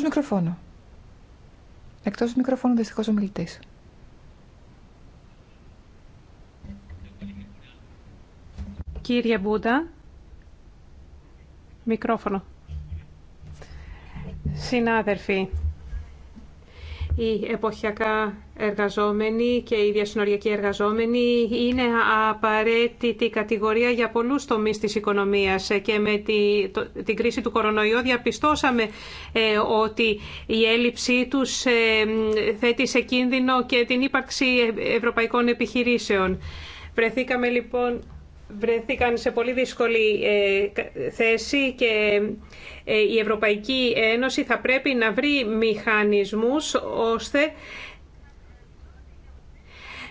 Εκτός μικροφώνου. Εκτός μικροφώνου δυστυχώς ο μιλητής. Κύριε Μπούντα, μικρόφωνο. Συνάδελφοι, οι εποχιακά εργαζόμενοι και οι διασυνοριακοί εργαζόμενοι είναι απαραίτητη κατηγορία για πολλούς τομείς της οικονομίας και με τη, την κρίση του κορονοϊού διαπιστώσαμε ε, ότι η έλλειψή τους ε, θέτει σε κίνδυνο και την ύπαρξη ε, ευρωπαϊκών επιχειρήσεων. Βρεθήκαμε λοιπόν βρεθήκαν σε πολύ δύσκολη ε, θέση και ε, η Ευρωπαϊκή Ένωση θα πρέπει να βρει μηχανισμούς ώστε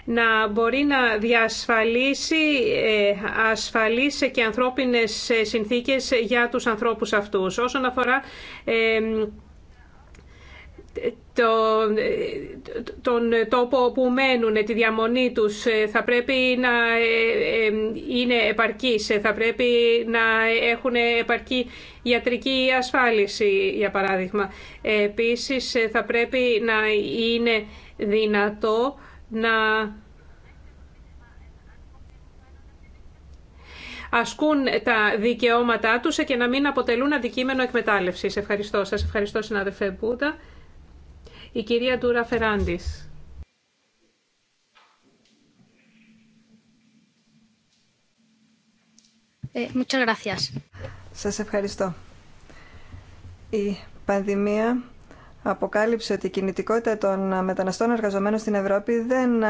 να μπορεί να διασφαλίσει ε, ασφαλείς και ανθρώπινες συνθήκες για τους ανθρώπους αυτούς. Όσον αφορά τον τόπο όπου μένουν, τη διαμονή τους, ε, θα πρέπει να ε, ε, είναι επαρκής, θα πρέπει να έχουν επαρκή ιατρική ασφάλιση, για παράδειγμα. Επίσης, θα πρέπει να είναι δυνατό να ασκούν τα δικαιώματά τους και να μην αποτελούν αντικείμενο εκμετάλλευσης. Ευχαριστώ σας. Ευχαριστώ, συνάδελφε Μπούτα η κυρία Τούρα Φεράντης. Ε, Σας ευχαριστώ. Η πανδημία αποκάλυψε ότι η κινητικότητα των μεταναστών εργαζομένων στην Ευρώπη δεν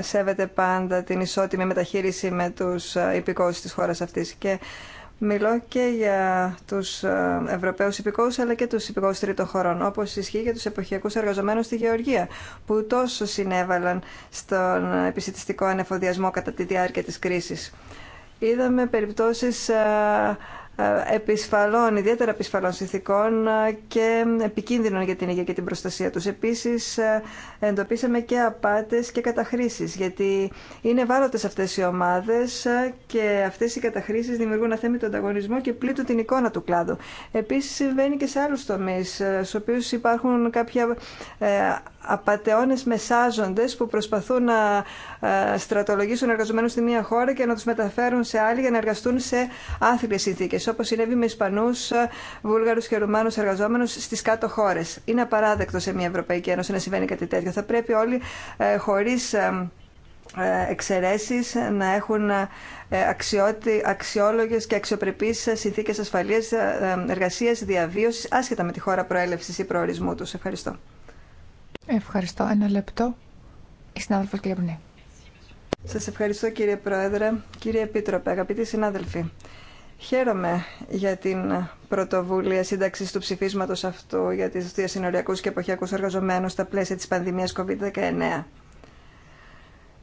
σέβεται πάντα την ισότιμη μεταχείριση με τους υπηκόους της χώρας αυτής και Μιλώ και για τους ε, Ευρωπαίου υπηκόου αλλά και τους υπηκόου τρίτων χωρών όπως ισχύει για του εποχιακούς εργαζομένους στη Γεωργία που τόσο συνέβαλαν στον επιστημιστικό ανεφοδιασμό κατά τη διάρκεια της κρίσης. Είδαμε περιπτώσεις ε, ε, επισφαλών, ιδιαίτερα επισφαλών συνθηκών ε, και επικίνδυνων για την υγεία και την προστασία τους. Επίσης, ε, εντοπίσαμε και απάτες και καταχρήσεις, γιατί είναι βάροτες αυτές οι ομάδες και αυτές οι καταχρήσεις δημιουργούν αθέμητο ανταγωνισμό και πλήττουν την εικόνα του κλάδου. Επίσης, συμβαίνει και σε άλλους τομείς, στους οποίους υπάρχουν κάποια απαταιώνες μεσάζοντες που προσπαθούν να ε, στρατολογήσουν εργαζομένους στη μία χώρα και να τους μεταφέρουν σε άλλη για να εργαστούν σε άθλιες συνθήκες, όπως συνέβη με Ισπανούς, ε, Βούλγαρους και Ρουμάνους εργαζόμενους στις κάτω χώρες. Είναι απαράδεκτο σε μια Ευρωπαϊκή Ένωση να συμβαίνει κάτι τέτοιο. Θα πρέπει όλοι ε, χωρίς εξαιρέσεις να έχουν αξιότι, αξιόλογες και αξιοπρεπείς συνθήκες ασφαλείας εργασίας διαβίωσης άσχετα με τη χώρα πρόέλευση ή προορισμού του. Ευχαριστώ. Ευχαριστώ. Ένα λεπτό. Η συνάδελφος Κλεμπνή. Σας ευχαριστώ κύριε Πρόεδρε, κύριε Επίτροπε, αγαπητοί συνάδελφοι. Χαίρομαι για την πρωτοβουλία σύνταξη του ψηφίσματο αυτού για του διασυνοριακού και εποχιακού εργαζομένου στα πλαίσια τη πανδημία COVID-19.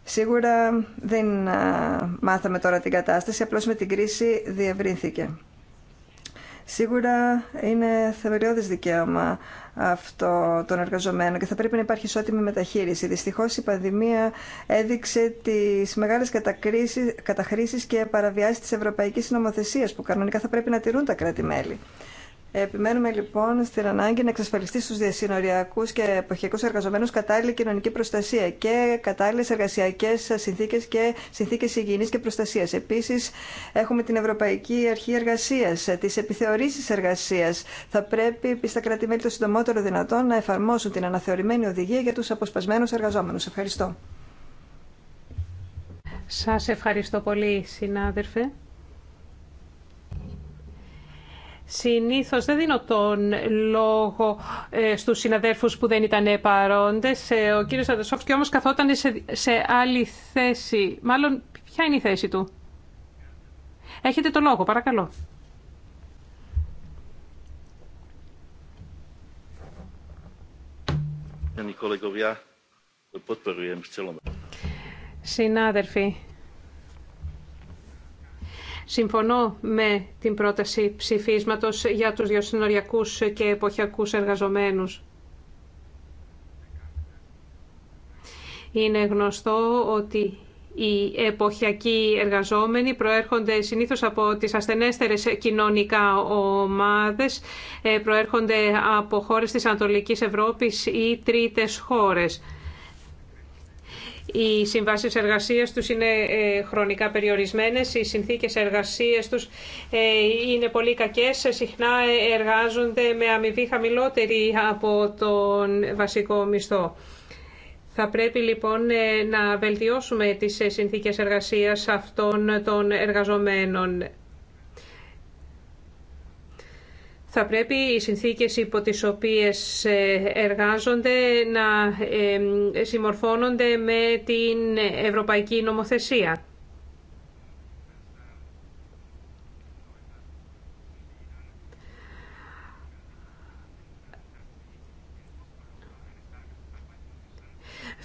Σίγουρα δεν μάθαμε τώρα την κατάσταση, απλώ με την κρίση διευρύνθηκε. Σίγουρα είναι θεμελιώδης δικαίωμα αυτό των εργαζομένων και θα πρέπει να υπάρχει ισότιμη μεταχείριση. Δυστυχώ, η πανδημία έδειξε τις μεγάλες καταχρήσει και παραβιάσει τη Ευρωπαϊκή Νομοθεσία, που κανονικά θα πρέπει να τηρούν τα κράτη-μέλη. Επιμένουμε λοιπόν στην ανάγκη να εξασφαλιστεί στου διασυνοριακού και εποχιακού εργαζομένου κατάλληλη κοινωνική προστασία και κατάλληλε εργασιακές συνθήκε και συνθήκε υγιεινής και προστασία. Επίση, έχουμε την Ευρωπαϊκή Αρχή Εργασία, τις επιθεωρήσεις εργασία. Θα πρέπει στα κράτη-μέλη το συντομότερο δυνατόν να εφαρμόσουν την αναθεωρημένη οδηγία για του αποσπασμένου εργαζόμενου. Ευχαριστώ. Σας ευχαριστώ πολύ συνάδελφε. Συνήθως δεν δίνω τον λόγο ε, στους συναδέρφους που δεν ήταν παρόντες. Ε, ο κύριος Αντασόφσκι όμως καθόταν σε, σε άλλη θέση. Μάλλον, ποια είναι η θέση του. Έχετε το λόγο, παρακαλώ. Συνάδελφοι, Συμφωνώ με την πρόταση ψηφίσματος για τους διασυνοριακούς και εποχιακούς εργαζομένους. Είναι γνωστό ότι οι εποχιακοί εργαζόμενοι προέρχονται συνήθως από τις ασθενέστερες κοινωνικά ομάδες, ε, προέρχονται από χώρες της Ανατολικής Ευρώπης ή τρίτες χώρες. Οι συμβάσει εργασία τους είναι ε, χρονικά περιορισμένες, οι συνθήκες εργασίας τους ε, είναι πολύ κακές. Συχνά ε, εργάζονται με αμοιβή χαμηλότερη από τον βασικό μισθό. Θα πρέπει λοιπόν να βελτιώσουμε τις συνθήκες εργασίας αυτών των εργαζομένων. θα πρέπει οι συνθήκες υπό τις οποίες ε, εργάζονται να ε, συμμορφώνονται με την ευρωπαϊκή νομοθεσία.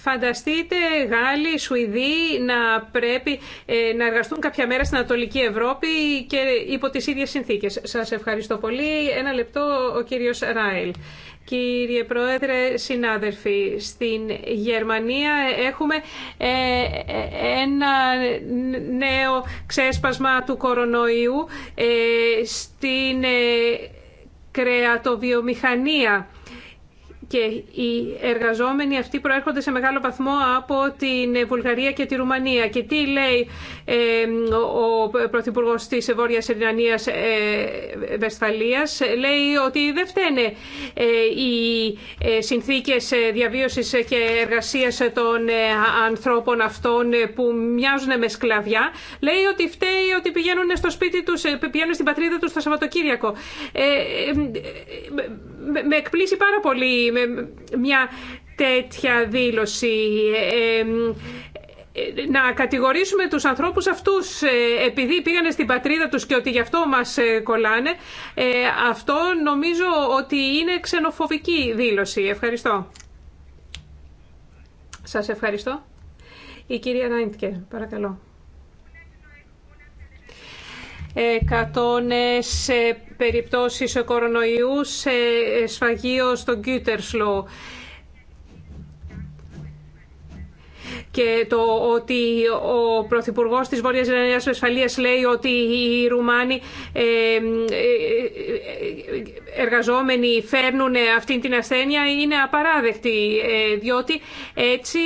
Φανταστείτε Γάλλοι, Σουηδοί να πρέπει ε, να εργαστούν κάποια μέρα στην Ανατολική Ευρώπη και υπό τις ίδιες συνθήκες. Σας ευχαριστώ πολύ. Ένα λεπτό ο κύριος Ράιλ. Κύριε Πρόεδρε, συνάδελφοι, στην Γερμανία έχουμε ε, ένα νέο ξέσπασμα του κορονοϊού ε, στην κρεατοβιομηχανία και οι εργαζόμενοι αυτοί προέρχονται σε μεγάλο βαθμό από την Βουλγαρία και τη Ρουμανία. Και τι λέει ε, ο Πρωθυπουργό τη Βόρεια Ελληνανία ε, Βεσφαλία, λέει ότι δεν φταίνε ε, οι συνθήκε διαβίωση και εργασία των ανθρώπων αυτών που μοιάζουν με σκλαβιά. Λέει ότι φταίει ότι πηγαίνουν στο σπίτι του, πηγαίνουν στην πατρίδα του το Σαββατοκύριακο. Με εκπλήσει πάρα πολύ ε, μια τέτοια δήλωση. Ε, ε, να κατηγορήσουμε τους ανθρώπους αυτούς επειδή πήγανε στην πατρίδα τους και ότι γι' αυτό μας κολλάνε, αυτό νομίζω ότι είναι ξενοφοβική δήλωση. Ευχαριστώ. Σας ευχαριστώ. Η κυρία Νάιντκε, παρακαλώ κατώνες περιπτώσεις κορονοϊού σε σφαγείο στο Γκίτερσλο. και το ότι ο Πρωθυπουργό τη Βόρεια Γερμανία Ασφαλεία λέει ότι οι Ρουμάνοι ε, ε, ε, εργαζόμενοι φέρνουν αυτή την ασθένεια είναι απαράδεκτη, διότι έτσι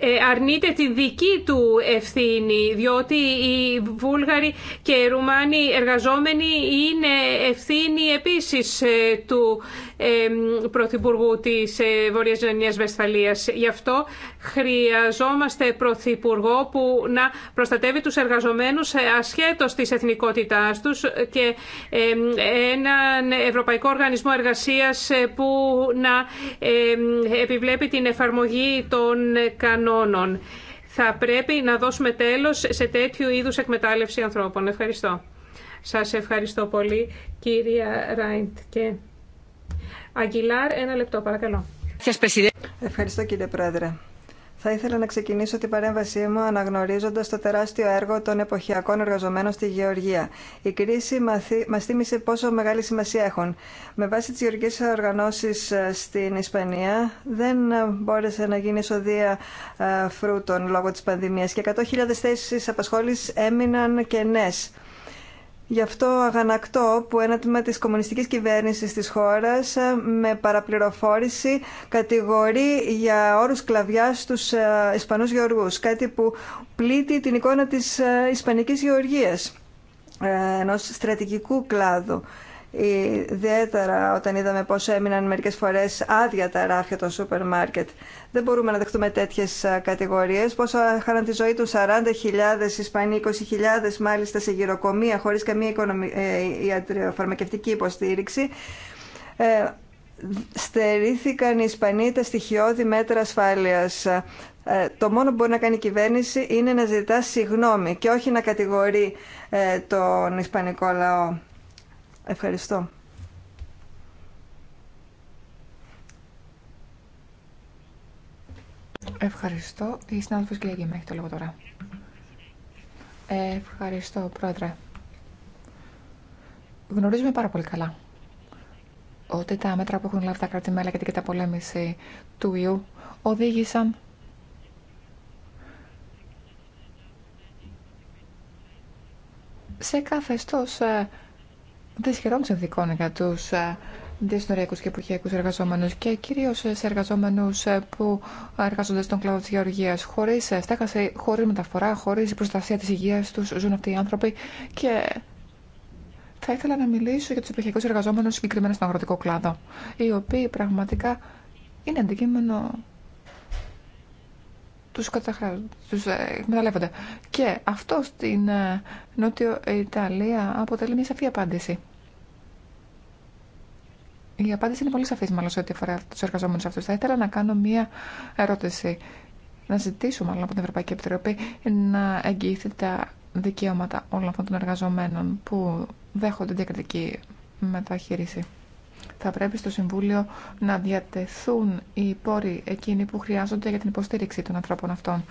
ε, αρνείται τη δική του ευθύνη, διότι οι Βούλγαροι και οι Ρουμάνοι εργαζόμενοι είναι ευθύνη επίσης ε, του Πρωθυπουργού της ε, Βορειά Γερμανία Βεσφαλία. Γι' αυτό χρειαζόμαστε Πρωθυπουργό που να προστατεύει τους εργαζομένους ε, ασχέτως της εθνικότητάς τους και έναν Ευρωπαϊκό Οργανισμό Εργασίας ε, που να επιβλέπει την εφαρμογή των κανόνων. Θα πρέπει να δώσουμε τέλος σε τέτοιου είδους εκμετάλλευση ανθρώπων. Ευχαριστώ. Σας ευχαριστώ πολύ, κυρία Ράιντ. Αγγιλάρ, ένα λεπτό, παρακαλώ. Ευχαριστώ κύριε Πρόεδρε. Θα ήθελα να ξεκινήσω την παρέμβασή μου αναγνωρίζοντα το τεράστιο έργο των εποχιακών εργαζομένων στη Γεωργία. Η κρίση μα θύμισε πόσο μεγάλη σημασία έχουν. Με βάση τι γεωργικέ οργανώσει ε, στην Ισπανία, δεν ε, μπόρεσε να γίνει εισοδεία ε, φρούτων λόγω τη πανδημία και 100.000 θέσει απασχόληση έμειναν κενέ. Γι' αυτό αγανακτώ που ένα τμήμα της κομμουνιστικής κυβέρνησης της χώρας ε, με παραπληροφόρηση κατηγορεί για όρους κλαβιάς τους ε, Ισπανούς γεωργούς, κάτι που πλήττει την εικόνα της ε, Ισπανικής γεωργίας ενός στρατηγικού κλάδου ιδιαίτερα όταν είδαμε πόσο έμειναν μερικές φορές άδεια τα ράφια των σούπερ μάρκετ. Δεν μπορούμε να δεχτούμε τέτοιες κατηγορίες, πόσο χάναν τη ζωή του 40.000 Ισπανοί, 20.000 μάλιστα σε γυροκομεία χωρίς καμία οικονομι... Ε, υποστήριξη. Ε, στερήθηκαν οι Ισπανοί τα στοιχειώδη μέτρα ασφάλειας. Ε, το μόνο που μπορεί να κάνει η κυβέρνηση είναι να ζητά συγγνώμη και όχι να κατηγορεί ε, τον Ισπανικό λαό. Ευχαριστώ. Ευχαριστώ. Η συνάδελφο κυρία με έχει το λόγο τώρα. Ευχαριστώ, Πρόεδρε. Γνωρίζουμε πάρα πολύ καλά ότι τα μέτρα που έχουν λάβει τα κρατη και για την καταπολέμηση του ιού οδήγησαν σε καθεστώς ε, δυσχερών συνθήκων για του ε, διαστοριακού και εποχιακού εργαζόμενου και κυρίω σε εργαζόμενου ε, που εργάζονται στον κλάδο τη γεωργία χωρί ε, στέγαση, χωρί μεταφορά, χωρί προστασία τη υγεία του ζουν αυτοί οι άνθρωποι και θα ήθελα να μιλήσω για του εποχιακού εργαζόμενους συγκεκριμένα στον αγροτικό κλάδο οι οποίοι πραγματικά είναι αντικείμενο του καταχρα... εκμεταλλεύονται. Και αυτό στην Νότιο Ιταλία αποτελεί μια σαφή απάντηση. Η απάντηση είναι πολύ σαφή, μάλλον σε ό,τι αφορά του εργαζόμενου αυτού. Θα ήθελα να κάνω μία ερώτηση. Να ζητήσω, μάλλον από την Ευρωπαϊκή Επιτροπή, να εγγυηθεί τα δικαιώματα όλων αυτών των εργαζομένων που δέχονται διακριτική μεταχείριση. Θα πρέπει στο Συμβούλιο να διατεθούν οι πόροι εκείνοι που χρειάζονται για την υποστήριξη των ανθρώπων αυτών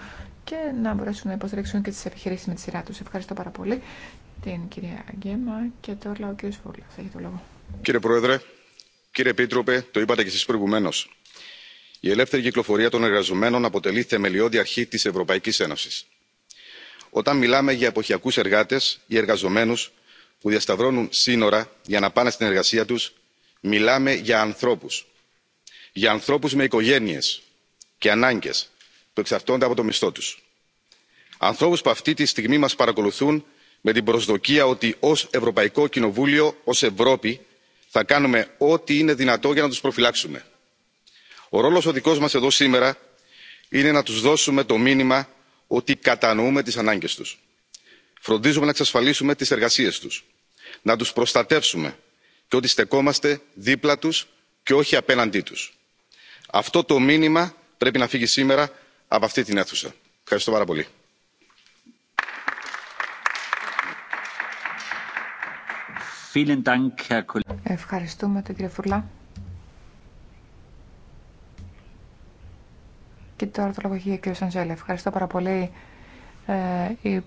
και να μπορέσουν να υποστηρίξουν και τι επιχειρήσει με τη σειρά του. Ευχαριστώ πάρα πολύ την κυρία Γκέμα και τώρα ο κύριο Φούλα. Έχει το λόγο. Κύριε Πρόεδρε, κύριε επίτροπε το είπατε κι εσεί προηγουμένω η ελεύθερη κυκλοφορία των εργαζομένων αποτελεί θεμελιώδη αρχή τη ευρωπαϊκή ένωση. όταν μιλάμε για εποχιακού εργάτε ή εργαζομένου που διασταυρώνουν σύνορα για να πάνε στην εργασία του μιλάμε για ανθρώπου για ανθρώπου με οικογένειε και ανάγκε που εξαρτώνται από το μισθό του. Ανθρώπους που αυτή τη στιγμή μας παρακολουθούν με την προσδοκία ότι ως Ευρωπαϊκό Κοινοβούλιο, ως Ευρώπη θα κάνουμε ό,τι είναι δυνατό για να τους προφυλάξουμε. ο ρόλος ο δικός μας εδώ σήμερα είναι να τους δώσουμε το μήνυμα ότι κατανοούμε τις ανάγκες τους φροντίζουμε να εξασφαλίσουμε τις εργασίες τους να τους προστατεύσουμε και ότι στεκόμαστε δίπλα τους και όχι απέναντί τους. αυτό το μήνυμα πρέπει να φύγει σήμερα από αυτή την αίθουσα. ευχαριστώ πάρα πολύ. Ευχαριστούμε τον κύριο Φουρλά. Και τώρα το λόγο έχει ο κύριο Σαντζέλη. Ευχαριστώ πάρα πολύ. Ε, η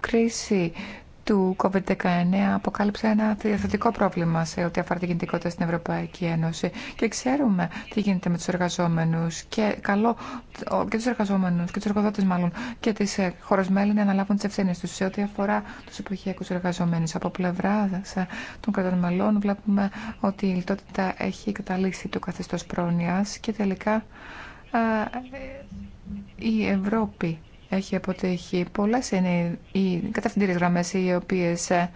κρίση του COVID-19 αποκάλυψε ένα διαθετικό πρόβλημα σε ό,τι αφορά την κινητικότητα στην Ευρωπαϊκή Ένωση και ξέρουμε τι γίνεται με τους εργαζόμενους και καλό και τους και τους εργοδότες μάλλον και τις ε, χώρες μέλη να αναλάβουν τις ευθύνες τους σε ό,τι αφορά τους εποχιακούς εργαζομένους. Από πλευρά ε, των κρατών μελών βλέπουμε ότι η λιτότητα έχει καταλήξει το καθεστώς πρόνοιας και τελικά ε, η Ευρώπη έχει αποτύχει. Πολλέ είναι οι κατευθυντήριες γραμμές οι οποίες ε,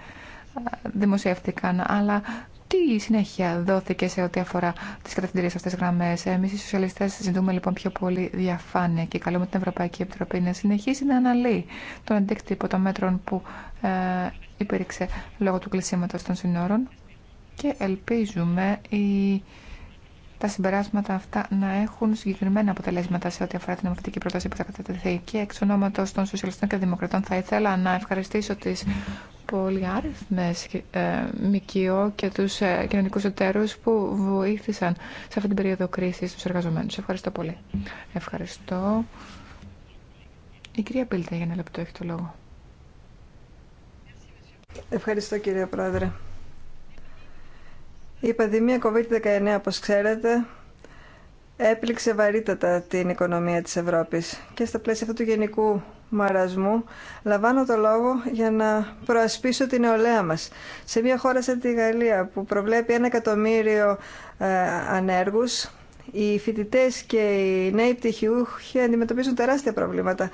δημοσιεύτηκαν, αλλά τι συνέχεια δόθηκε σε ό,τι αφορά τις κατευθυντήριες αυτέ γραμμές. Εμείς οι σοσιαλιστές ζητούμε λοιπόν πιο πολύ διαφάνεια και καλούμε την Ευρωπαϊκή Επιτροπή να συνεχίσει να αναλύει τον αντίκτυπο των μέτρων που ε, υπήρξε λόγω του κλεισίματο των συνόρων και ελπίζουμε η τα συμπεράσματα αυτά να έχουν συγκεκριμένα αποτελέσματα σε ό,τι αφορά την νομοθετική πρόταση που θα κατατεθεί. Και εξ ονόματο των Σοσιαλιστών και Δημοκρατών θα ήθελα να ευχαριστήσω τι πολυάριθμε ε, ΜΚΟ και του ε, κοινωνικού εταίρου που βοήθησαν σε αυτή την περίοδο κρίση του εργαζομένου. Ευχαριστώ πολύ. Ευχαριστώ. Η κυρία Πίλτα για ένα λεπτό έχει το λόγο. Ευχαριστώ κύριε Πρόεδρε. Η πανδημία COVID-19, όπως ξέρετε, έπληξε βαρύτατα την οικονομία της Ευρώπης και στα πλαίσια αυτού του γενικού μαρασμού λαμβάνω το λόγο για να προασπίσω την νεολαία μας. Σε μια χώρα σαν τη Γαλλία που προβλέπει ένα εκατομμύριο ε, ανέργους, οι φοιτητές και οι νέοι πτυχιούχοι αντιμετωπίζουν τεράστια προβλήματα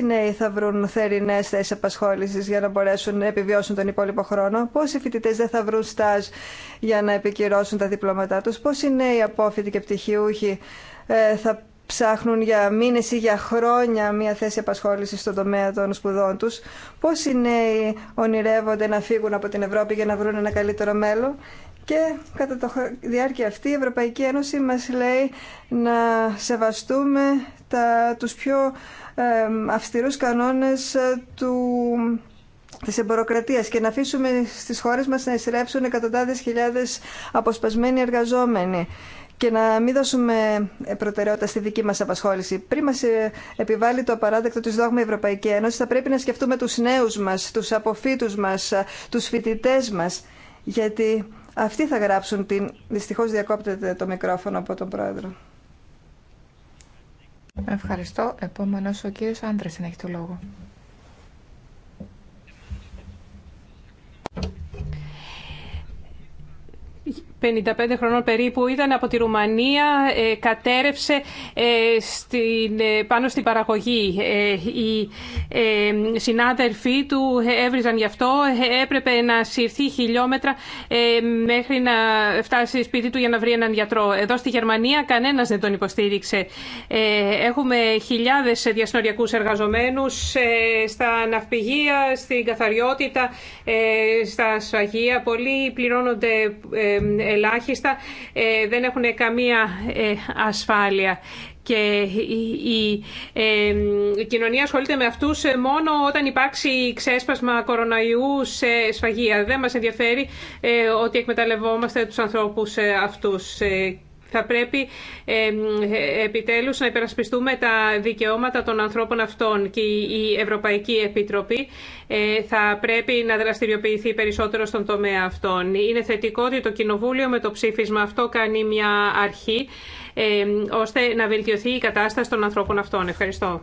οι νέοι θα βρουν θερινέ θέσει απασχόληση για να μπορέσουν να επιβιώσουν τον υπόλοιπο χρόνο, οι φοιτητέ δεν θα βρουν στάζ για να επικυρώσουν τα διπλώματά του, οι νέοι απόφοιτοι και πτυχιούχοι ε, θα ψάχνουν για μήνες ή για χρόνια μια θέση απασχόλησης στον τομέα των σπουδών τους. οι νέοι ονειρεύονται να φύγουν από την Ευρώπη για να βρουν ένα καλύτερο μέλλον. Και κατά τη διάρκεια αυτή η Ευρωπαϊκή Ένωση μας λέει να σεβαστούμε τα, τους πιο αυστηρούς κανόνες ε, του, της εμποροκρατίας και να αφήσουμε στις χώρες μας να εισρέψουν εκατοντάδες χιλιάδες αποσπασμένοι εργαζόμενοι και να μην δώσουμε ε, προτεραιότητα στη δική μας απασχόληση. Πριν μας ε, επιβάλλει το απαράδεκτο της δόγμα Ευρωπαϊκή Ένωση, θα πρέπει να σκεφτούμε τους νέους μας, τους αποφύτους μας, τους φοιτητέ μας, γιατί αυτοί θα γράψουν την... Δυστυχώς διακόπτεται το μικρόφωνο από τον Πρόεδρο. Ευχαριστώ. Επόμενος ο κύριος Άνδρες έχει το λόγο. 55 χρονών περίπου, ήταν από τη Ρουμανία, ε, κατέρευσε ε, στην, ε, πάνω στην παραγωγή. Οι συνάδελφοί του έβριζαν γι' αυτό, έπρεπε να συρθεί χιλιόμετρα μέχρι να φτάσει σπίτι του για να βρει έναν γιατρό. Εδώ στη Γερμανία κανένας δεν τον υποστήριξε. Έχουμε χιλιάδες διασνοριακούς εργαζομένους στα ναυπηγεία, στην καθαριότητα, στα σφαγεία. Πολλοί πληρώνονται ελάχιστα, ε, δεν έχουν καμία ε, ασφάλεια. Και ε, η κοινωνία ασχολείται με αυτούς μόνο όταν υπάρξει ξέσπασμα κοροναϊού σε σφαγεία. Δεν μας ενδιαφέρει ότι εκμεταλλευόμαστε τους ανθρώπους αυτούς θα πρέπει επιτέλους να υπερασπιστούμε τα δικαιώματα των ανθρώπων αυτών και η Ευρωπαϊκή Επιτροπή ε, θα πρέπει να δραστηριοποιηθεί περισσότερο στον τομέα αυτών. Είναι θετικό ότι το Κοινοβούλιο με το ψήφισμα αυτό κάνει μια αρχή ώστε να βελτιωθεί η κατάσταση των ανθρώπων αυτών. Ευχαριστώ.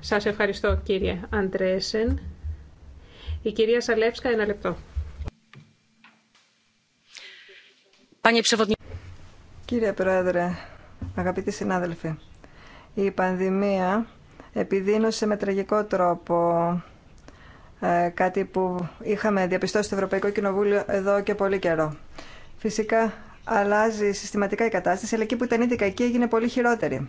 Σας ευχαριστώ κύριε Αντρέσεν. Η κυρία Σαλέψκα, ένα λεπτό. Panie Κύριε Πρόεδρε, αγαπητοί συνάδελφοι, η πανδημία επιδίνωσε με τραγικό τρόπο ε, κάτι που είχαμε διαπιστώσει στο Ευρωπαϊκό Κοινοβούλιο εδώ και πολύ καιρό. Φυσικά αλλάζει συστηματικά η κατάσταση, αλλά εκεί που ήταν ήδη κακή έγινε πολύ χειρότερη.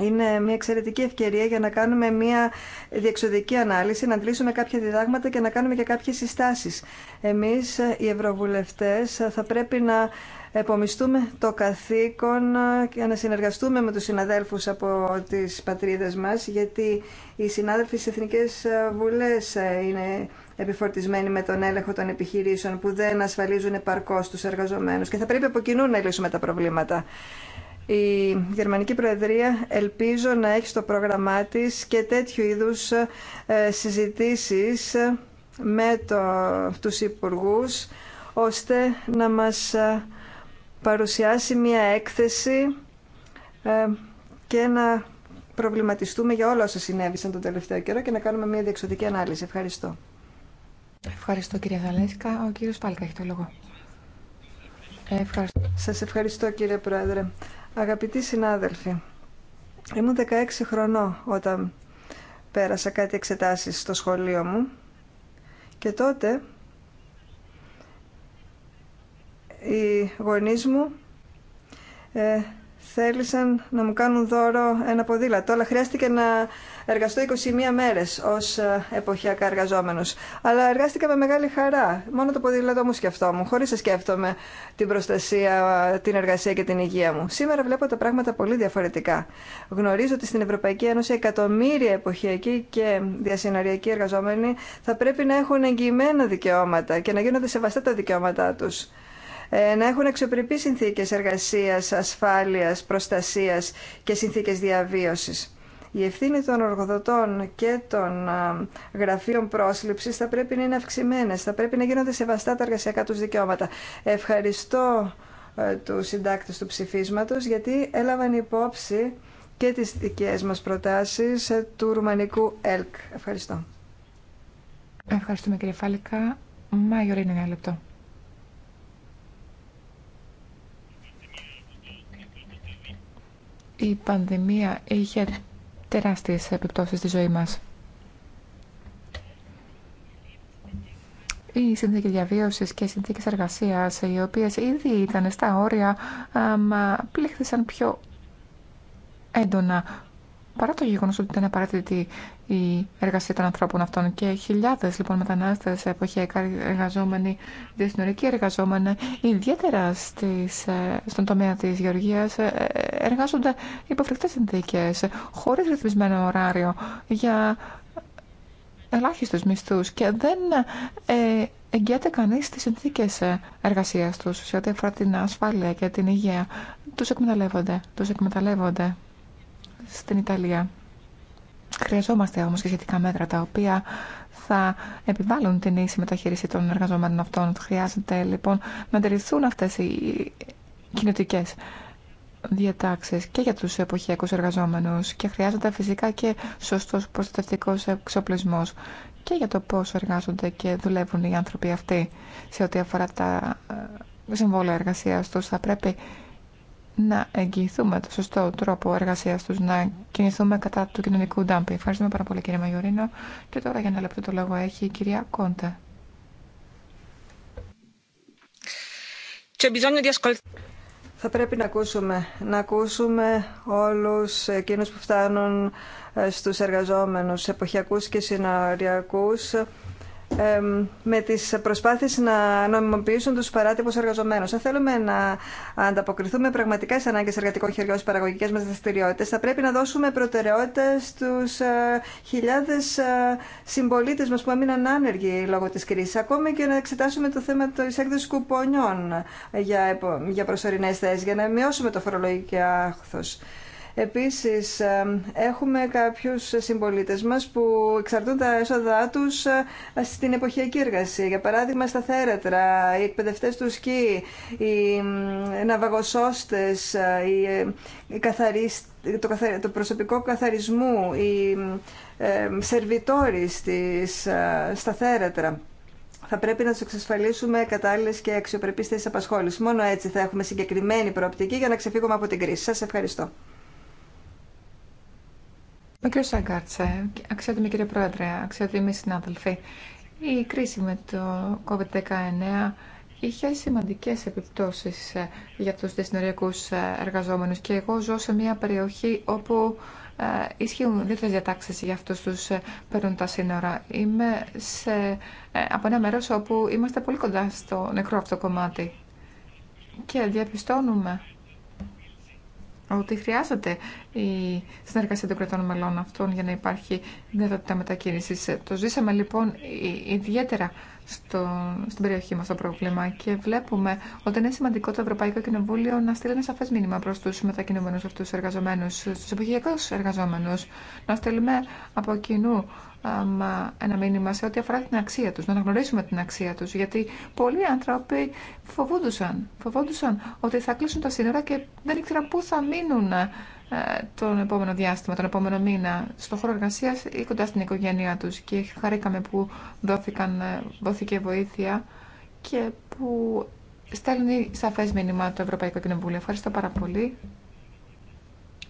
Είναι μια εξαιρετική ευκαιρία για να κάνουμε μια διεξοδική ανάλυση, να αντλήσουμε κάποια διδάγματα και να κάνουμε και κάποιες συστάσεις. Εμείς οι ευρωβουλευτές θα πρέπει να επομιστούμε το καθήκον ε, και να συνεργαστούμε με τους συναδέλφους από τις πατρίδες μας, γιατί οι συνάδελφοι στις Εθνικές Βουλές ε, είναι επιφορτισμένοι με τον έλεγχο των επιχειρήσεων που δεν ασφαλίζουν επαρκώς τους εργαζομένους και θα πρέπει από κοινού να λύσουμε τα προβλήματα. Η Γερμανική Προεδρία ελπίζω να έχει στο πρόγραμμά της και τέτοιου είδους ε, συζητήσεις με το, τους υπουργούς ώστε να μας παρουσιάσει μία έκθεση ε, και να προβληματιστούμε για όλα όσα συνέβησαν τον τελευταίο καιρό και να κάνουμε μία διεξοδική ανάλυση. Ευχαριστώ. Ευχαριστώ κύριε Γαλέσκα. Ο κύριος Πάλκα έχει το λόγο. Ευχαριστώ. Σας ευχαριστώ κύριε Πρόεδρε. Αγαπητοί συνάδελφοι, ήμουν 16 χρονών όταν πέρασα κάτι εξετάσεις στο σχολείο μου και τότε οι γονείς μου ε, θέλησαν να μου κάνουν δώρο ένα ποδήλατο, αλλά χρειάστηκε να εργαστώ 21 μέρες ως ε, εποχιακά εργαζόμενος. Αλλά εργάστηκα με μεγάλη χαρά, μόνο το ποδήλατο μου σκεφτόμουν, χωρίς να σκέφτομαι την προστασία, την εργασία και την υγεία μου. Σήμερα βλέπω τα πράγματα πολύ διαφορετικά. Γνωρίζω ότι στην Ευρωπαϊκή Ένωση εκατομμύρια εποχιακοί και διασυναριακοί εργαζόμενοι θα πρέπει να έχουν εγγυημένα δικαιώματα και να γίνονται σεβαστά τα δικαιώματά τους. Ε, να έχουν αξιοπρεπείς συνθήκες εργασίας, ασφάλειας, προστασίας και συνθήκες διαβίωσης. Η ευθύνη των εργοδοτών και των γραφείων πρόσληψης θα πρέπει να είναι αυξημένε. θα πρέπει να γίνονται σεβαστά τα εργασιακά τους δικαιώματα. Ευχαριστώ ε, του συντάκτες του ψηφίσματος γιατί έλαβαν υπόψη και τις δικές μας προτάσεις ε, του Ρουμανικού ΕΛΚ. Ευχαριστώ. Ευχαριστούμε κύριε Φάλικα. Μάγιο είναι ένα λεπτό. η πανδημία είχε τεράστιες επιπτώσεις στη ζωή μας. Οι συνθήκες διαβίωσης και οι συνθήκες εργασίας, οι οποίες ήδη ήταν στα όρια, μα πλήχθησαν πιο έντονα. Παρά το γεγονός ότι ήταν απαραίτητη η εργασία των ανθρώπων αυτών και χιλιάδες λοιπόν μετανάστες εποχιακά εργαζόμενοι, διεθνωρικοί εργαζόμενοι, ιδιαίτερα στις, ε, στον τομέα της γεωργίας ε, εργάζονται υποφρικτές συνθήκες, χωρίς ρυθμισμένο ωράριο για ελάχιστους μισθούς και δεν ε, εγγυάται κανείς τις συνθήκες ε, εργασίας τους σε ό,τι αφορά την ασφάλεια και την υγεία. Τους εκμεταλλεύονται, τους εκμεταλλεύονται στην Ιταλία. Χρειαζόμαστε όμως και σχετικά μέτρα τα οποία θα επιβάλλουν την ίση μεταχείριση των εργαζομένων αυτών. Χρειάζεται λοιπόν να αντιληφθούν αυτές οι κοινωτικέ διατάξεις και για τους εποχιακούς εργαζόμενους και χρειάζεται φυσικά και σωστός προστατευτικός εξοπλισμός και για το πώς εργάζονται και δουλεύουν οι άνθρωποι αυτοί σε ό,τι αφορά τα ε, συμβόλαια εργασίας τους. Θα πρέπει να εγγυηθούμε το σωστό τρόπο εργασία του, να κινηθούμε κατά του κοινωνικού ντάμπι. Ευχαριστούμε πάρα πολύ, κύριε Μαγιορίνο. Και τώρα για ένα λεπτό το λόγο έχει η κυρία Κόντε. Θα πρέπει να ακούσουμε, να ακούσουμε όλους εκείνους που φτάνουν ε, στους εργαζόμενους, εποχιακούς και συναριακούς, με τις προσπάθειες να νομιμοποιήσουν τους παράτυπους εργαζομένους. Αν θέλουμε να ανταποκριθούμε πραγματικά στις ανάγκες εργατικών χεριών στις παραγωγικές μας δραστηριότητε, θα πρέπει να δώσουμε προτεραιότητα στους ε, χιλιάδες ε, συμπολίτε μας που έμειναν άνεργοι λόγω της κρίσης. Ακόμα και να εξετάσουμε το θέμα της έκδοση κουπονιών για, για προσωρινές θέσεις, για να μειώσουμε το φορολογικό άχθος. Επίσης, έχουμε κάποιους συμπολίτε μας που εξαρτούν τα έσοδά τους ε, στην εποχιακή εργασία. Για παράδειγμα, στα θέρετρα, οι εκπαιδευτές του σκι, οι ναυαγοσώστες, ε, οι ε, καθαρίστες, το προσωπικό καθαρισμού, οι σερβιτόροι στις, στα θέρετρα. Θα πρέπει να του εξασφαλίσουμε κατάλληλε και αξιοπρεπεί θέσει Μόνο έτσι θα έχουμε συγκεκριμένη προοπτική για να ξεφύγουμε από την κρίση. Σα ευχαριστώ. Με κύριο Σαγκάρτσε, αξιότιμη κύριε Πρόεδρε, αξιότιμοι συνάδελφοι, η κρίση με το COVID-19 είχε σημαντικές επιπτώσεις ε, για τους δυσνοριακούς ε, εργαζόμενους και εγώ ζω σε μια περιοχή όπου ε, ισχύουν δίθες διατάξεις για αυτούς τους παίρνουν τα σύνορα. Είμαι σε, από ένα μέρος όπου είμαστε πολύ κοντά στο νεκρό αυτό κομμάτι και διαπιστώνουμε ότι χρειάζεται η συνεργασία των κρατών μελών αυτών για να υπάρχει δυνατότητα μετακίνηση. Το ζήσαμε λοιπόν ιδιαίτερα στο, στην περιοχή μα το πρόβλημα και βλέπουμε ότι είναι σημαντικό το Ευρωπαϊκό Κοινοβούλιο να στείλει ένα σαφέ μήνυμα προ του μετακινούμενου αυτού εργαζομένου, του εποχιακού εργαζόμενου, να στείλουμε από κοινού ένα μήνυμα σε ό,τι αφορά την αξία τους, να αναγνωρίσουμε την αξία τους, γιατί πολλοί άνθρωποι φοβόντουσαν, ότι θα κλείσουν τα σύνορα και δεν ήξεραν πού θα μείνουν ε, τον επόμενο διάστημα, τον επόμενο μήνα, στο χώρο εργασία ή κοντά στην οικογένειά τους και χαρήκαμε που δόθηκαν, ε, δόθηκε βοήθεια και που στέλνει σαφές μήνυμα το Ευρωπαϊκό Κοινοβούλιο. Ευχαριστώ πάρα πολύ.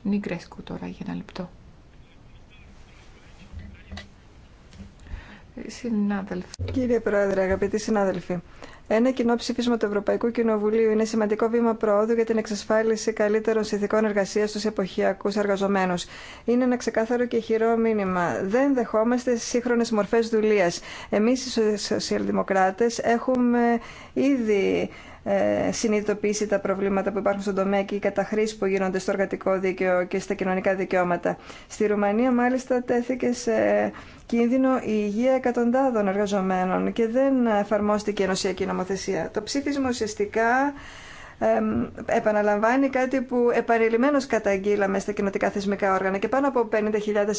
Νίγκρεσκου τώρα για ένα λεπτό. Συνάδελφοι. Κύριε Πρόεδρε, αγαπητοί συνάδελφοι. Ένα κοινό ψήφισμα του Ευρωπαϊκού Κοινοβουλίου είναι σημαντικό βήμα προόδου για την εξασφάλιση καλύτερων συνθηκών εργασία στου εποχιακού εργαζομένου. Είναι ένα ξεκάθαρο και χειρό μήνυμα. Δεν δεχόμαστε σύγχρονε μορφέ δουλεία. Εμεί οι σοσιαλδημοκράτε έχουμε ήδη ε, συνειδητοποιήσει τα προβλήματα που υπάρχουν στον τομέα και οι καταχρήσει που γίνονται στο εργατικό δίκαιο και στα κοινωνικά δικαιώματα. Στη Ρουμανία μάλιστα τέθηκε σε κίνδυνο η υγεία εκατοντάδων εργαζομένων και δεν εφαρμόστηκε η ενωσιακή νομοθεσία. Το ψήφισμα ουσιαστικά επαναλαμβάνει κάτι που επανειλημμένως καταγγείλαμε στα κοινοτικά θεσμικά όργανα και πάνω από 50.000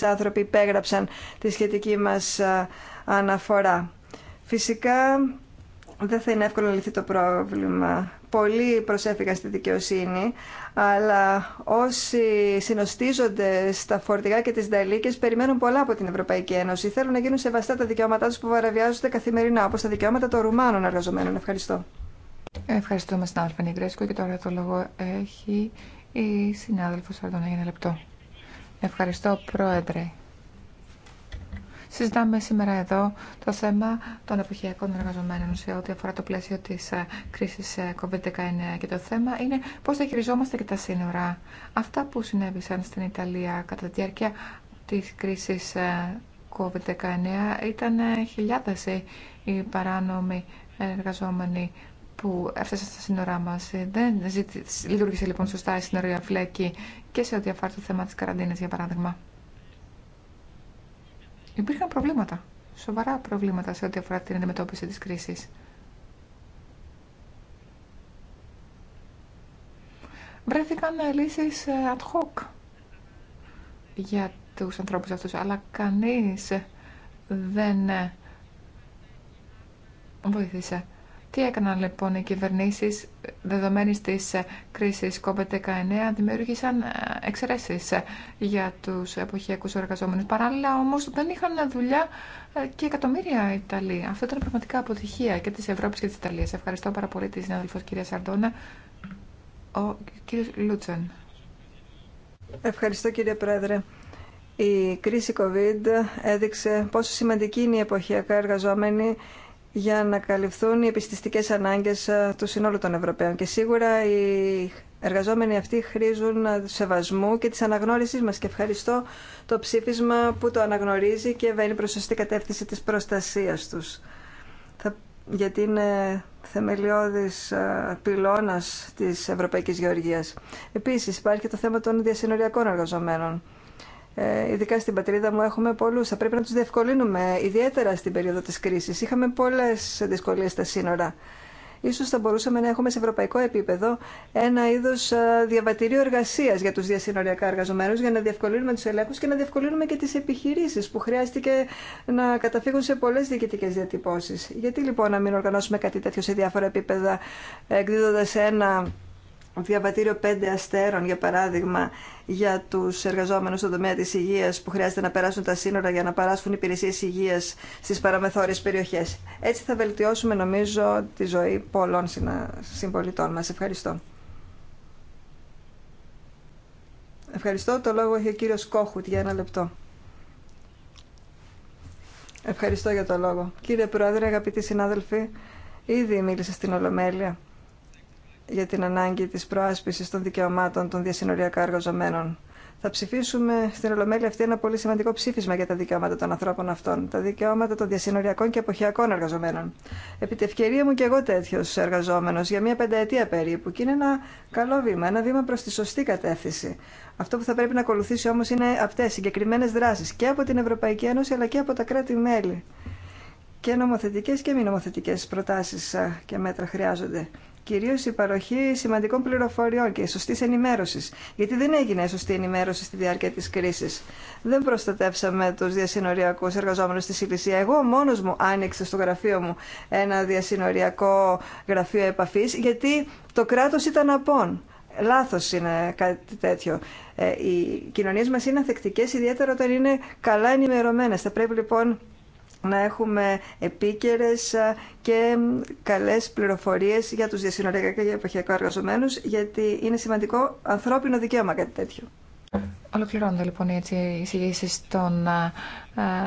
άνθρωποι υπέγραψαν τη σχετική μας ε, αναφορά. Φυσικά δεν θα είναι εύκολο να λυθεί το πρόβλημα. Πολλοί προσέφηκαν στη δικαιοσύνη, αλλά όσοι συνοστίζονται στα φορτηγά και τι δαλίκε περιμένουν πολλά από την Ευρωπαϊκή Ένωση. Θέλουν να γίνουν σεβαστά τα δικαιώματά τους που παραβιάζονται καθημερινά, όπω τα δικαιώματα των Ρουμάνων εργαζομένων. Ευχαριστώ. Ευχαριστούμε στην Νιγκρέσκο. και τώρα το λόγο έχει η συνάδελφο για λεπτό. Ευχαριστώ, Πρόεδρε. Συζητάμε σήμερα εδώ το θέμα των εποχιακών εργαζομένων σε ό,τι αφορά το πλαίσιο τη ε, κρίση ε, COVID-19 και το θέμα είναι πώ θα χειριζόμαστε και τα σύνορα. Αυτά που συνέβησαν στην Ιταλία κατά τη διάρκεια τη κρίση ε, COVID-19 ήταν χιλιάδε οι παράνομοι εργαζόμενοι που έφτασαν στα σύνορά μα. Δεν λειτουργήσε λοιπόν σωστά η σύνορια φλέκη και σε ό,τι αφορά το θέμα τη καραντίνας, για παράδειγμα υπήρχαν προβλήματα, σοβαρά προβλήματα σε ό,τι αφορά την αντιμετώπιση της κρίσης. Βρέθηκαν ε, λύσεις ε, ad hoc για τους ανθρώπους αυτούς, αλλά κανείς ε, δεν βοήθησε. Τι έκαναν λοιπόν οι κυβερνήσει δεδομένη τη ε, κριση covid COVID-19 δημιούργησαν ε, εξαιρέσει ε, για του εποχιακού εργαζόμενου. Παράλληλα όμω δεν είχαν δουλειά και εκατομμύρια Ιταλοί. Αυτό ήταν πραγματικά αποτυχία και τη Ευρώπη και τη Ιταλία. Ευχαριστώ πάρα πολύ τη συνάδελφο κυρία Σαρντόνα. Ο κύριο Λούτσεν. Ευχαριστώ κύριε Πρόεδρε. Η κρίση COVID έδειξε πόσο σημαντική είναι η εποχιακά εργαζόμενη για να καλυφθούν οι επιστηστικές ανάγκες ε, του συνόλου των Ευρωπαίων. Και σίγουρα οι εργαζόμενοι αυτοί χρήζουν ε, σεβασμού και της αναγνώρισης μας. Και ευχαριστώ το ψήφισμα που το αναγνωρίζει και βαίνει προς σωστή κατεύθυνση της προστασίας τους. γιατί είναι θεμελιώδης ε, πυλώνας της Ευρωπαϊκής Γεωργίας. Επίσης υπάρχει και το θέμα των διασυνοριακών εργαζομένων. Ε, ειδικά στην πατρίδα μου έχουμε πολλούς. Θα πρέπει να τους διευκολύνουμε, ιδιαίτερα στην περίοδο της κρίσης. Είχαμε πολλές δυσκολίες στα σύνορα. Ίσως θα μπορούσαμε να έχουμε σε ευρωπαϊκό επίπεδο ένα είδος ε, διαβατηρίου εργασίας για τους διασυνοριακά εργαζομένους, για να διευκολύνουμε τους ελέγχους και να διευκολύνουμε και τις επιχειρήσεις που χρειάστηκε να καταφύγουν σε πολλές διοικητικές διατυπώσεις. Γιατί λοιπόν να μην οργανώσουμε κάτι τέτοιο σε διάφορα επίπεδα, εκδίδοντας ένα διαβατήριο πέντε αστέρων, για παράδειγμα, για τους εργαζόμενους στον τομέα της υγείας που χρειάζεται να περάσουν τα σύνορα για να παράσχουν υπηρεσίες υγείας στις παραμεθόριες περιοχές. Έτσι θα βελτιώσουμε, νομίζω, τη ζωή πολλών συμπολιτών μας. Ευχαριστώ. Ευχαριστώ. Το λόγο έχει ο κύριος Κόχουτ για ένα λεπτό. Ευχαριστώ για το λόγο. Κύριε Πρόεδρε, αγαπητοί συνάδελφοι, ήδη μίλησα στην Ολομέλεια για την ανάγκη της προάσπισης των δικαιωμάτων των διασυνοριακά εργαζομένων. Θα ψηφίσουμε στην Ολομέλη αυτή ένα πολύ σημαντικό ψήφισμα για τα δικαιώματα των ανθρώπων αυτών, τα δικαιώματα των διασυνοριακών και εποχιακών εργαζομένων. Επί τη ευκαιρία μου και εγώ τέτοιο εργαζόμενο για μία πενταετία περίπου και είναι ένα καλό βήμα, ένα βήμα προ τη σωστή κατεύθυνση. Αυτό που θα πρέπει να ακολουθήσει όμω είναι αυτέ συγκεκριμένε δράσει και από την Ευρωπαϊκή Ένωση αλλά και από τα κράτη-μέλη. Και νομοθετικέ και μη νομοθετικέ προτάσει και μέτρα χρειάζονται κυρίως η παροχή σημαντικών πληροφοριών και σωστή ενημέρωση. Γιατί δεν έγινε σωστή ενημέρωση στη διάρκεια της κρίσης. Δεν προστατεύσαμε τους διασυνοριακούς εργαζόμενους στη Εκκλησίας. Εγώ μόνος μου άνοιξα στο γραφείο μου ένα διασυνοριακό γραφείο επαφής γιατί το κράτος ήταν απόν. Λάθος είναι κάτι τέτοιο. Ε, οι κοινωνίες μα είναι ανθεκτικέ, ιδιαίτερα όταν είναι καλά ενημερωμένε. Θα πρέπει λοιπόν να έχουμε επίκαιρες ε, και καλές πληροφορίες για τους διασυνοριακά και για εποχιακά εργαζομένους, γιατί είναι σημαντικό ανθρώπινο δικαίωμα κάτι τέτοιο. Ολοκληρώνονται λοιπόν έτσι οι εισηγήσει των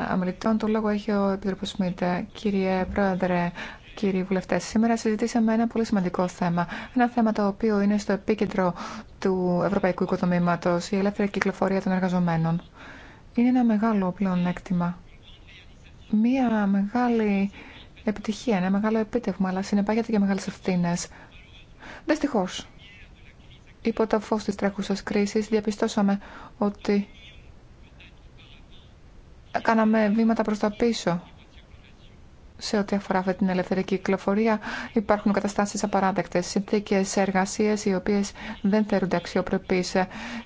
αμελητών. Ε, ε, το λόγο έχει ο Επιτροπός Σμιτ. Κύριε Πρόεδρε, κύριοι βουλευτέ, σήμερα συζητήσαμε ένα πολύ σημαντικό θέμα. Ένα θέμα το οποίο είναι στο επίκεντρο του ευρωπαϊκού οικοδομήματο, η ελεύθερη κυκλοφορία των εργαζομένων. Είναι ένα μεγάλο πλέον έκτημα μία μεγάλη επιτυχία, ένα μεγάλο επίτευγμα, αλλά συνεπάγεται και μεγάλες ευθύνε. Δυστυχώ. Υπό το φως της τρέχουσας κρίσης διαπιστώσαμε ότι κάναμε βήματα προς τα πίσω σε ό,τι αφορά αυτή την ελευθερική κυκλοφορία υπάρχουν καταστάσεις απαράδεκτες, συνθήκες εργασία, οι οποίες δεν θεωρούνται αξιοπρεπεί,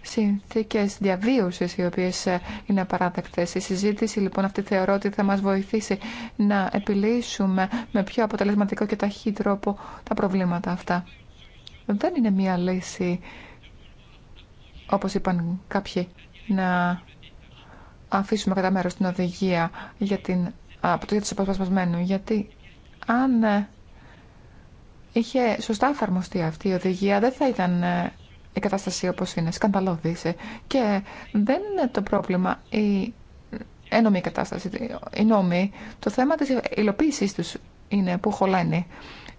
συνθήκε διαβίωσης οι οποίες είναι απαράδεκτες. Η συζήτηση λοιπόν αυτή θεωρώ ότι θα μας βοηθήσει να επιλύσουμε με πιο αποτελεσματικό και ταχύ τρόπο τα προβλήματα αυτά. Δεν είναι μία λύση, όπως είπαν κάποιοι, να αφήσουμε κατά μέρος την οδηγία για την από το για τους αποσπασμένου, γιατί αν ε, είχε σωστά εφαρμοστεί αυτή η οδηγία, δεν θα ήταν ε, η κατάσταση όπως είναι, ε. Και δεν είναι το πρόβλημα η ένομη κατάσταση, η νόμη. Το θέμα της υλοποίησής τους είναι που χωλαίνει.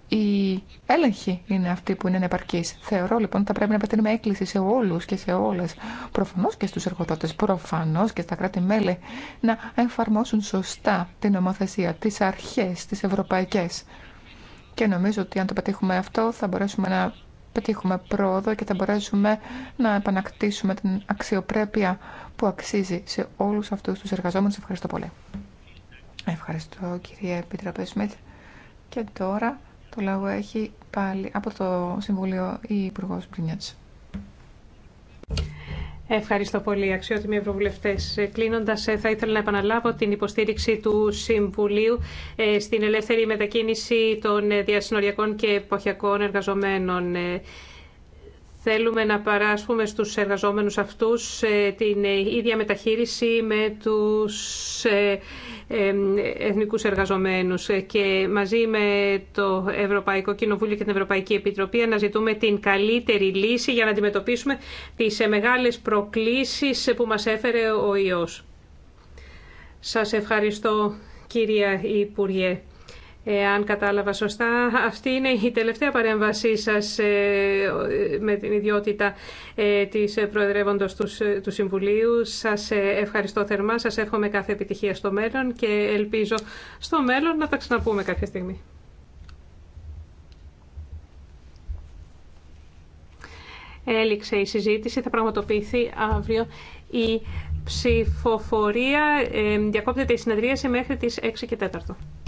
Η έλεγχη είναι αυτή που είναι ανεπαρκεί. Θεωρώ λοιπόν ότι θα πρέπει να απευθύνουμε έκκληση σε όλου και σε όλε, προφανώ και στου εργοδότε, προφανώ και στα κράτη-μέλη, να εφαρμόσουν σωστά την νομοθεσία, τι αρχέ, τι ευρωπαϊκέ. Και νομίζω ότι αν το πετύχουμε αυτό, θα μπορέσουμε να πετύχουμε πρόοδο και θα μπορέσουμε να επανακτήσουμε την αξιοπρέπεια που αξίζει σε όλου αυτού του εργαζόμενου. Ευχαριστώ πολύ. Ευχαριστώ, κύριε Επίτροπε Σμιτ. Και τώρα το λόγο έχει πάλι από το Συμβούλιο η Υπουργό Πρινιάτση. Ευχαριστώ πολύ, αξιότιμοι ευρωβουλευτέ. Κλείνοντα, ε, θα ήθελα να επαναλάβω την υποστήριξη του Συμβουλίου ε, στην ελεύθερη μετακίνηση των ε, διασυνοριακών και εποχιακών εργαζομένων. Θέλουμε να παράσχουμε στους εργαζόμενους αυτούς την ίδια μεταχείριση με τους εθνικούς εργαζομένους και μαζί με το Ευρωπαϊκό Κοινοβούλιο και την Ευρωπαϊκή Επιτροπή αναζητούμε την καλύτερη λύση για να αντιμετωπίσουμε τις μεγάλες προκλήσεις που μας έφερε ο ιός. Σας ευχαριστώ κυρία Υπουργέ αν κατάλαβα σωστά. Αυτή είναι η τελευταία παρέμβασή σας ε, με την ιδιότητα ε, της Προεδρεύοντος ε, του Συμβουλίου. Σας ευχαριστώ θερμά, σας εύχομαι κάθε επιτυχία στο μέλλον και ελπίζω στο μέλλον να τα ξαναπούμε κάποια στιγμή. Έληξε η συζήτηση, θα πραγματοποιηθεί αύριο η ψηφοφορία. Διακόπτεται η συνεδρίαση μέχρι τις 6 και 4.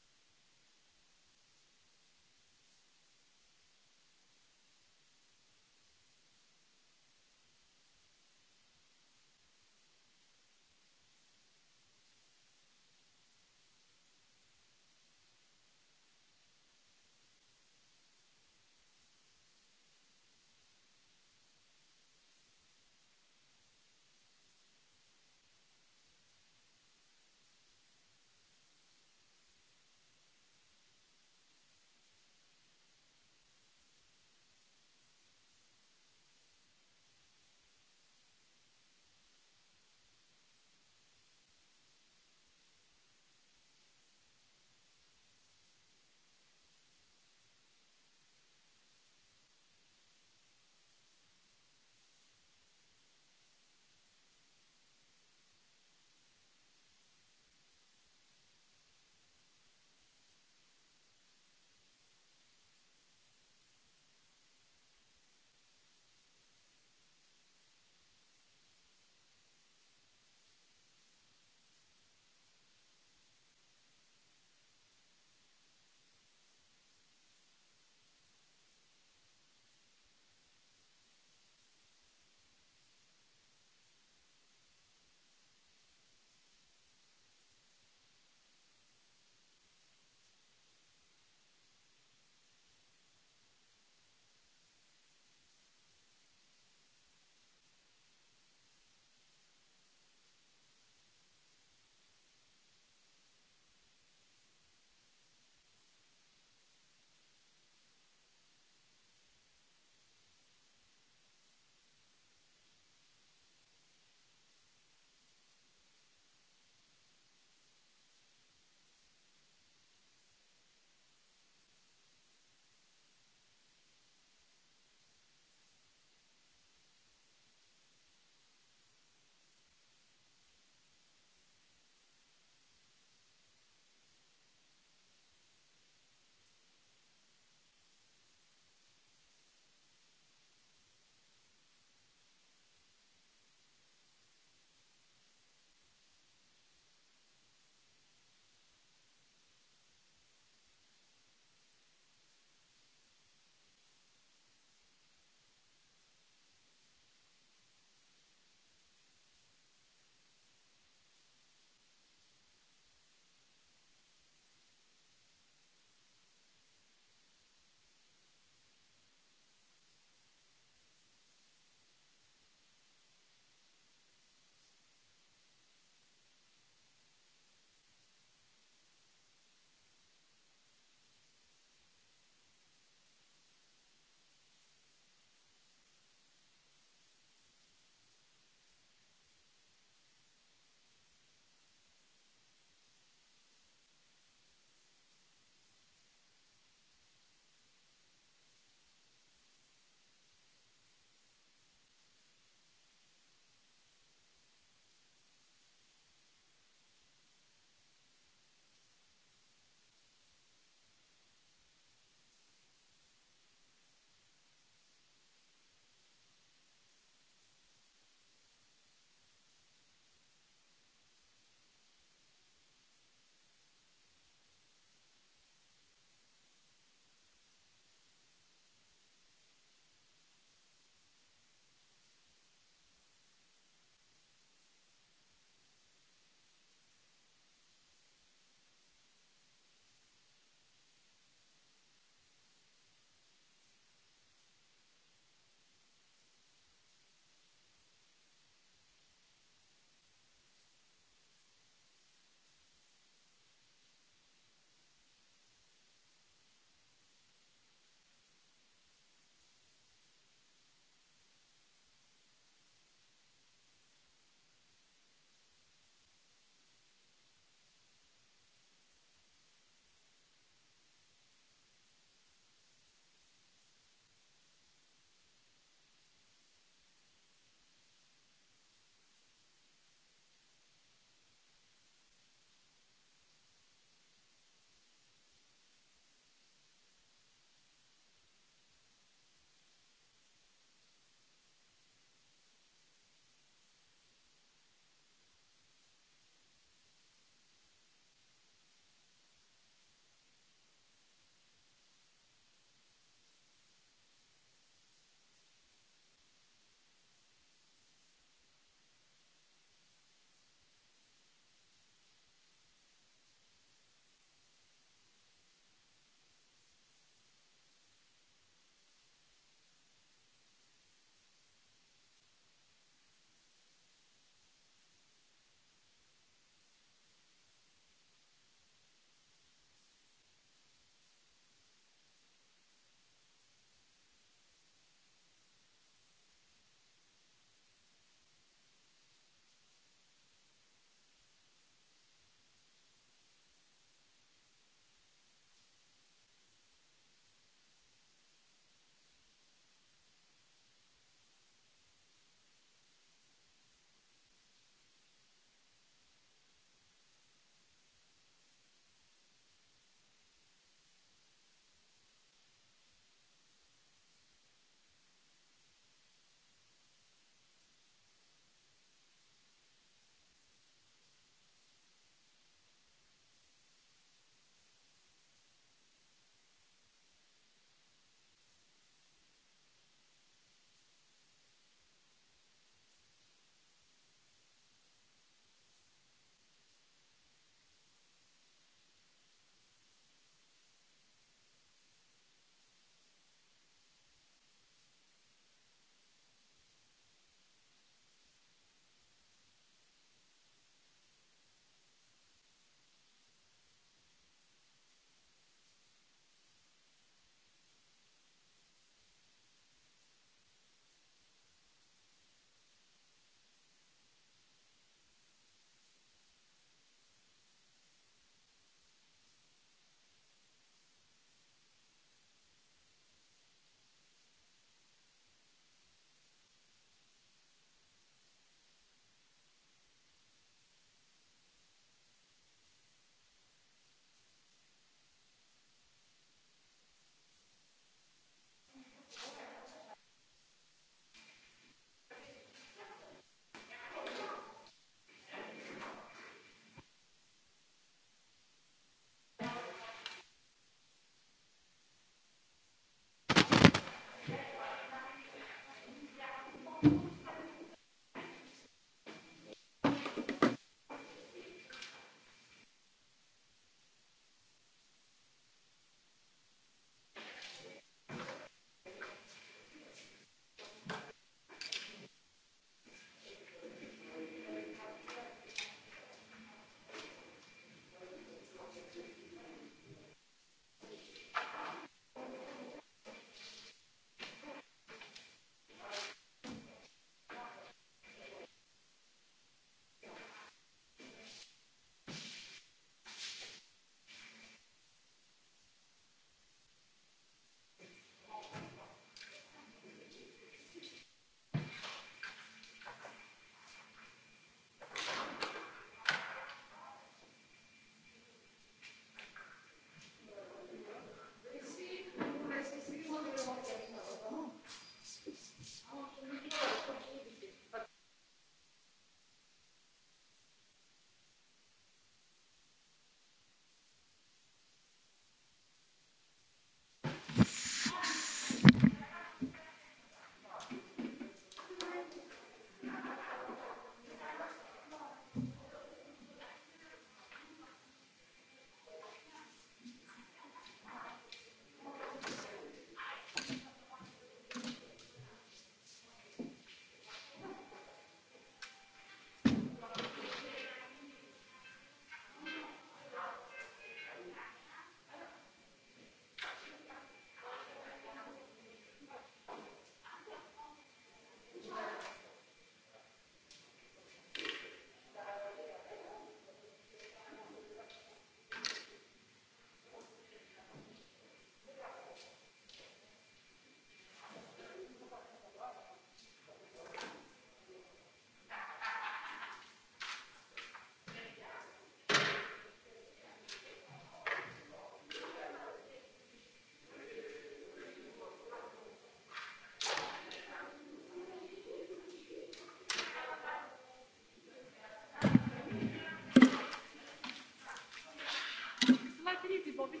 Πού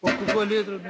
Ο κουπολεύει